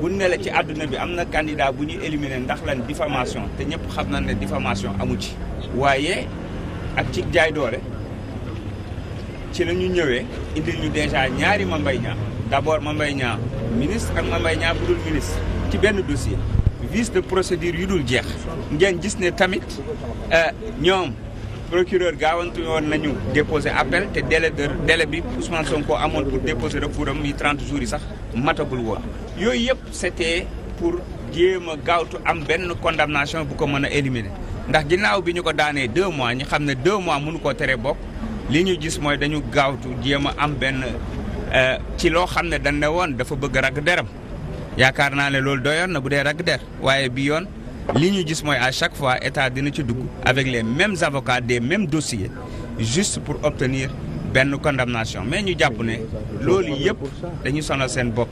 bu ne la ci àdduna bi am na candidat bu ñuy éliminé ndax lan diffamation te ñëpp xam na ne diffamation amu ci. waaye ak ci jaay doole ci la ñu ñëwee indil ñu déjà ñaari Mame Mbaye Niang d'abord Mame Mbaye Niang ministre ak Mame Mbaye bu dul ministre ci benn dossier vice de procédure yu dul jeex ngeen gis ne tamit euh, ñoom. procureur gaawantu woon nañu déposé appel te délai de délai bi Ousmane Sonko amoon pour déposer recours am yi 30 jours yi sax matagul woon yooyu yëpp c'était pour jéem a gaawtu am benn condamnation bu ko mën a éliminer ndax ginnaaw bi ñu ko daanee deux mois ñu xam ne deux mois mënu ko tere bokk li ñu gis mooy dañu gaawtu jéem a am benn euh, ci loo xam ne dañ ne woon dafa bëgg ragg deram yaakaar naa ne loolu doyoon na bu dee ragg der waaye bi yoon li ñu gis mooy à chaque fois état dina ci dugg avec les mêmes avocats des mêmes dossiers juste pour obtenir benn condamnation mais ñu jàpp ne loolu yëpp dañu sonal seen bopp